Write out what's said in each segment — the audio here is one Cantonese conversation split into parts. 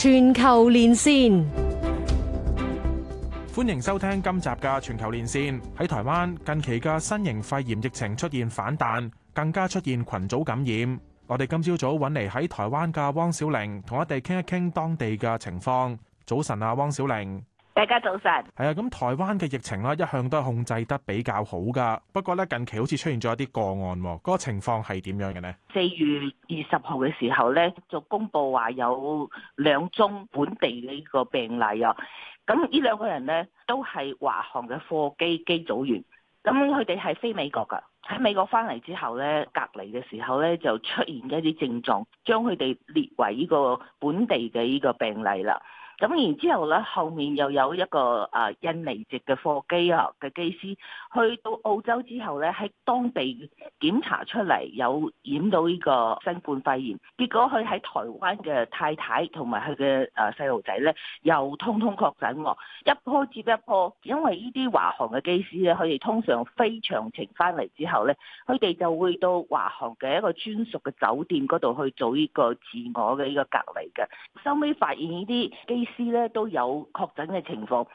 全球連線，歡迎收聽今集嘅全球連線。喺台灣近期嘅新型肺炎疫情出現反彈，更加出現群組感染。我哋今朝早揾嚟喺台灣嘅汪小玲，同我哋傾一傾當地嘅情況。早晨啊，汪小玲。大家早晨。係啊，咁台灣嘅疫情咧，一向都係控制得比較好噶不過咧，近期好似出現咗一啲個案，嗰個情況係點樣嘅呢？四月二十號嘅時候咧，就公布話有兩宗本地呢個病例啊。咁呢兩個人咧，都係華航嘅貨機機組員。咁佢哋係飛美國噶喺美國翻嚟之後咧，隔離嘅時候咧，就出現一啲症狀，將佢哋列為呢個本地嘅呢個病例啦。咁然之後咧，後面又有一個啊印尼籍嘅貨機啊嘅機師，去到澳洲之後咧，喺當地檢查出嚟有染到呢個新冠肺炎。結果佢喺台灣嘅太太同埋佢嘅誒細路仔咧，又通通確診，一波接一波。因為華呢啲華航嘅機師咧，佢哋通常飛長程翻嚟之後咧，佢哋就會到華航嘅一個專屬嘅酒店嗰度去做呢個自我嘅呢個隔離嘅。收尾發現呢啲機，師咧都有確診嘅情況，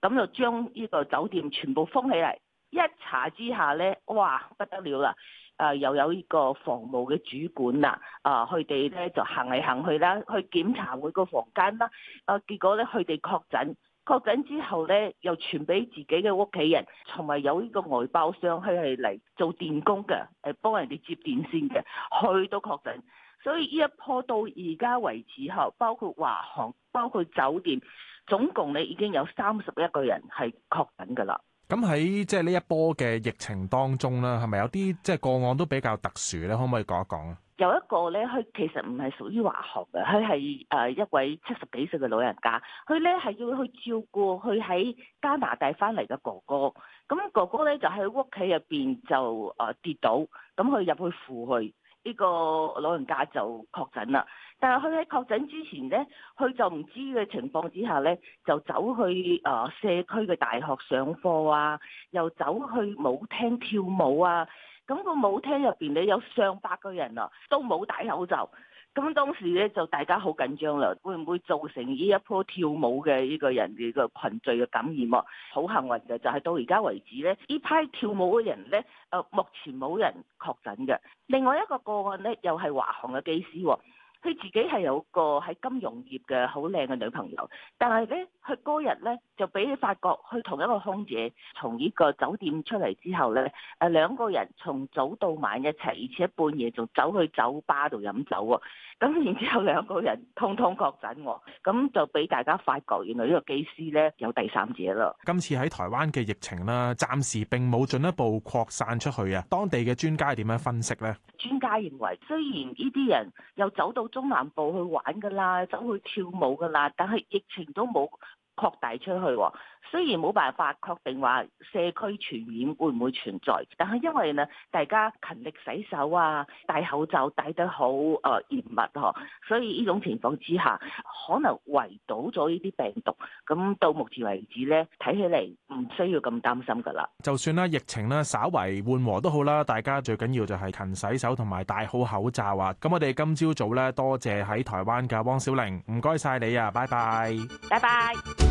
咁就將呢個酒店全部封起嚟。一查之下呢，哇，不得了啦！誒、呃、又有呢個房務嘅主管啦，啊、呃，佢哋呢就行嚟行去啦，去檢查每個房間啦。啊、呃，結果呢，佢哋確診，確診之後呢，又傳俾自己嘅屋企人，同埋有呢個外包商，佢係嚟做電工嘅，誒幫人哋接電線嘅，佢都確診。所以呢一波到而家為止，嗬，包括華航、包括酒店，總共你已經有三十一個人係確診㗎啦。咁喺即係呢一波嘅疫情當中咧，係咪有啲即係個案都比較特殊咧？可唔可以講一講啊？有一個咧，佢其實唔係屬於華航嘅，佢係誒一位七十幾歲嘅老人家，佢咧係要去照顧佢喺加拿大翻嚟嘅哥哥。咁哥哥咧就喺屋企入邊就誒跌倒，咁佢入去扶佢。呢個老人家就確診啦，但係佢喺確診之前呢，佢就唔知嘅情況之下呢，就走去啊、呃、社區嘅大學上課啊，又走去舞廳跳舞啊，咁個舞廳入邊呢，有上百個人啊，都冇戴口罩。咁當時咧就大家好緊張啦，會唔會造成呢一波跳舞嘅呢個人嘅、個、群聚嘅感染、啊？好幸運嘅就係、係、到而家為止咧，呢批跳舞嘅人咧，誒、呃、目前冇人確診嘅。另外一個個案咧，又係華航嘅機師、啊，佢自己係有個喺金融業嘅好靚嘅女朋友，但係咧佢嗰日咧。就俾你發覺，去同一個空姐從呢個酒店出嚟之後咧，誒兩個人從早到晚一齊，而且半夜仲走去酒吧度飲酒喎。咁然之後兩個人通通確診喎，咁就俾大家發覺原來呢個機師咧有第三者咯。今次喺台灣嘅疫情咧，暫時並冇進一步擴散出去啊。當地嘅專家點樣分析呢？專家認為，雖然呢啲人又走到中南部去玩噶啦，走去跳舞噶啦，但係疫情都冇擴大出去，雖然冇辦法確定話社區傳染會唔會存在，但係因為咧大家勤力洗手啊，戴口罩戴得好誒嚴密呵，所以呢種情況之下，可能圍堵咗呢啲病毒。咁到目前為止呢，睇起嚟唔需要咁擔心㗎啦。就算咧疫情咧稍為緩和都好啦，大家最緊要就係勤洗手同埋戴好口罩啊！咁我哋今朝早呢，多謝喺台灣嘅汪小玲，唔該晒你啊，拜拜，拜拜。